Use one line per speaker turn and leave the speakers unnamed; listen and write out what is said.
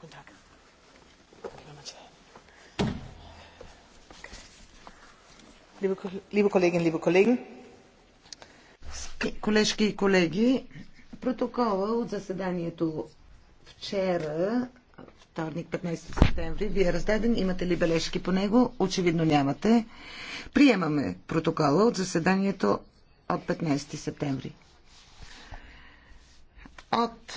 Guten Tag. Liebe Kolleginnen, liebe Kollegen. Колежки и колеги,
протокола от заседанието вчера, вторник 15 септември, ви е раздаден. Имате ли бележки по него? Очевидно нямате. Приемаме протокола от заседанието от 15 септември.
От